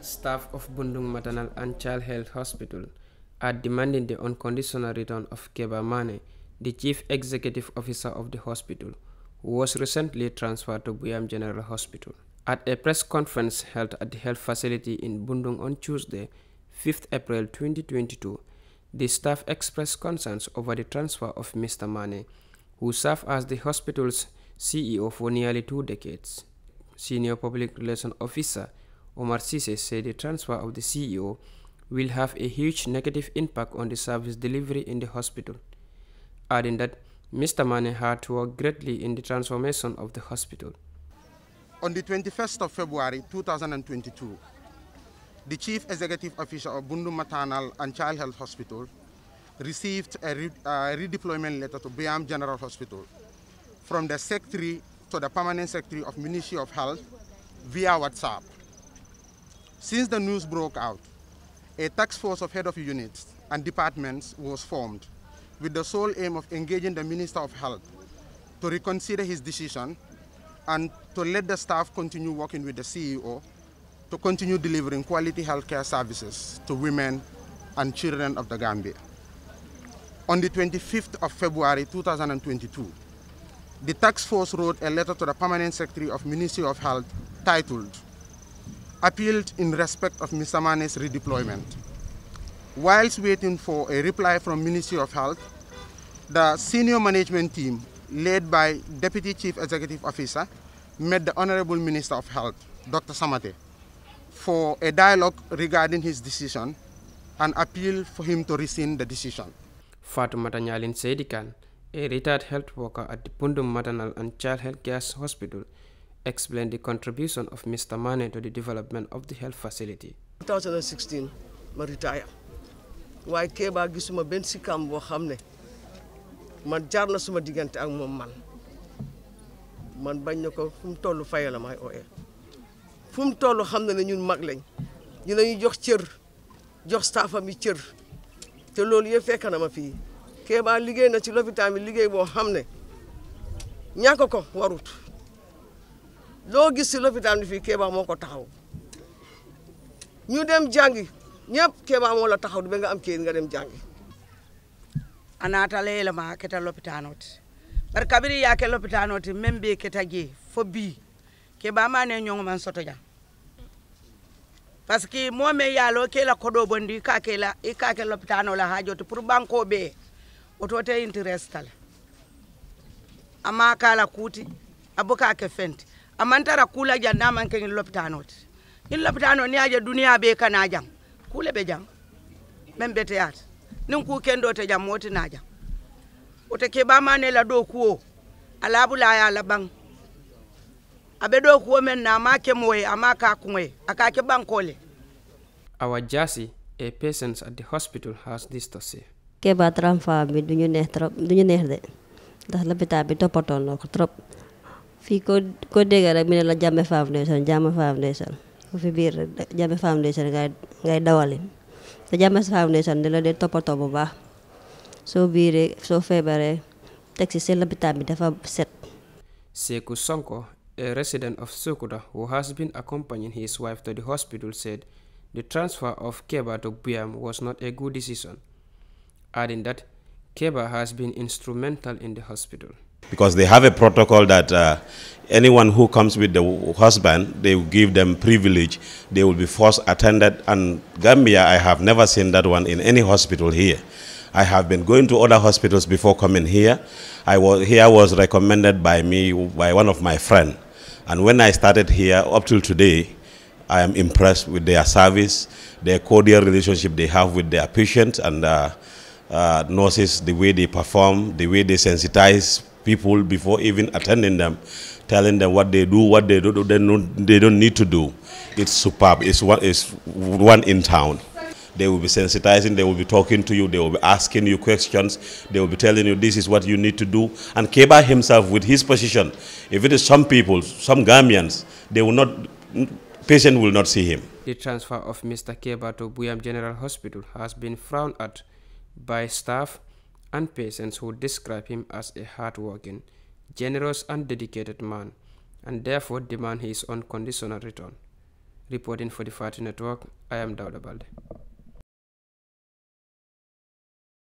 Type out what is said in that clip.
Staff of Bundung Maternal and Child Health Hospital are demanding the unconditional return of Keba Mane, the chief executive officer of the hospital, who was recently transferred to Buyam General Hospital. At a press conference held at the health facility in Bundung on Tuesday, 5th April 2022, the staff expressed concerns over the transfer of Mr. Mane, who served as the hospital's CEO for nearly two decades. Senior Public Relations Officer Omar Sise said the transfer of the CEO will have a huge negative impact on the service delivery in the hospital, adding that Mr. Mane had worked greatly in the transformation of the hospital. On the 21st of February 2022, the Chief Executive Officer of Bundu Maternal and Child Health Hospital received a, re a uh, redeployment letter to Biam General Hospital from the Secretary to the Permanent Secretary of Ministry of Health via WhatsApp. Since the news broke out, a task force of head of units and departments was formed with the sole aim of engaging the Minister of Health to reconsider his decision and to let the staff continue working with the CEO to continue delivering quality healthcare services to women and children of the Gambia. On the 25th of February 2022, the task force wrote a letter to the permanent secretary of Ministry of Health titled Appealed in Respect of Mr. Mane's Redeployment. Whilst waiting for a reply from Ministry of Health, the senior management team led by Deputy Chief Executive Officer met the Honorable Minister of Health, Dr. Samate, for a dialogue regarding his decision and appeal for him to rescind the decision. said, Nyalin Sedikan a retired health worker at the Pundum Maternal and Child Health Care Hospital, explained the contribution of Mr. Mane to the development of the health facility. 2016, I retired. I Kéba gisuma to sikkam boo xam ne man jaar na suma diggante man man bañ na ko fu mu toll faye la may ooyee fu mu toll xam na ne ñun mag lañ ñu nañu jox cër jox staffam cër loolu fekk na ma keba liggey na ci l'hôpital bi liggey bo xamne ñak ko warut lo gis ci l'hôpital bi fi keba moko taxaw ñu dem jangi ñepp keba mo la taxaw be nga am keen nga dem jangi anata leela ma keta l'hôpital not bar kabiri ya ke l'hôpital not même be keta gi fo bi keba ma ne ñong man soto ja parce que momé ya lo ke la kodo bondi ka ke la e ka ke l'hôpital no la hajoti pour banco be otote interest ama kala kuti abuka ke fenti amma tara kula janda man ke lopitano in lopitano ni aje dunia be kana jam kule be jam men be nin ku kendo te jam moti na jam ote ke ba mane la do kuo alabula ya laban abe do kuo men na ma ke moye ama ka kunwe aka ke bankole our jasi a patient at the hospital has this to say Keba tramfam bi du ñu neex trop du ñu neex de ndax lopitaan bi toppatoon na ko trop fii ko ko dégg rek mi ne la Jammeh Foundation Jammeh Foundation ku fi biir rek Jammeh Foundation ngay ngay dawali te Jammeh Foundation di la dee toppatoo bu baax soo biiree soo feebaree teg si seen lopitaan bi dafa set. Seku Sonko, a resident of Sukuta who has been accompanying his wife to the hospital, said the transfer of Keba to Biam was not a good adding that Keba has been instrumental in the hospital. Because they have a protocol that uh, anyone who comes with the husband, they will give them privilege. They will be first attended. And Gambia, I have never seen that one in any hospital here. I have been going to other hospitals before coming here. I was here was recommended by me by one of my friend, and when I started here up till today, I am impressed with their service, their cordial relationship they have with their patients, and. Uh, uh, nurses, the way they perform, the way they sensitize people before even attending them, telling them what they do, what they do, they don't, they don't need to do. It's superb. It's one, it's one in town. They will be sensitizing, they will be talking to you, they will be asking you questions, they will be telling you this is what you need to do. And Keba himself, with his position, if it is some people, some Gambians, they will not, patient will not see him. The transfer of Mr. Keba to Buyam General Hospital has been frowned at by staff and patients who describe him as a hardworking, generous and dedicated man, and therefore demand his unconditional return. Reporting for the Fati Network, I am Dauda Balde.